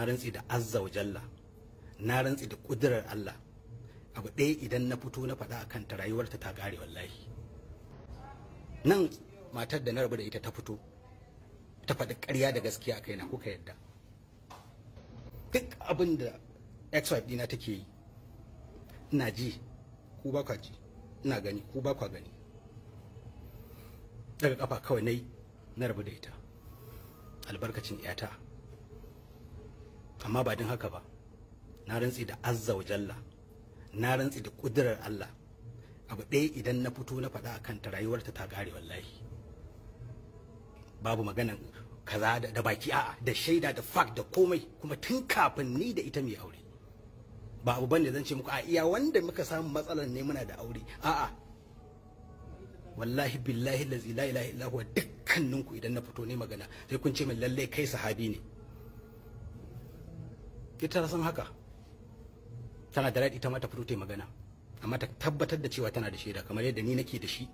na rantsi da azza wa jalla na rantsi da kudurar Allah abu ɗaya idan na fito na faɗa akan ta rayuwarta ta ƙare wallahi nan matar da na rabu da ita ta fito ta faɗi ƙarya da gaskiya a kaina kuka yadda duk abin da ex-wife ɗina take yi ina ji ku ba kwa ji ina gani ku ba kwa gani daga kafa kawai na yi na rabu da ita albarkacin 'yata amma ba din haka ba na rantsi da azza wa jalla na rantsi da kudirar Allah abu ɗaya idan na fito na faɗa akan ta rayuwar ta gare wallahi babu maganan kaza da baki a'a da shaida da fact da komai kuma tun kafin ni da ita mai aure ba abu bane zan ce muku a iya wanda muka samu matsalar ne muna da aure a'a wallahi billahi la ilaha illa huwa dukkaninku idan na fito ne magana sai kun ce min lallai kai sahabi ne ita ta san haka tana da raɗi ta mata fito ta magana amma ta tabbatar da cewa tana da shaida kamar yadda ni nake da shi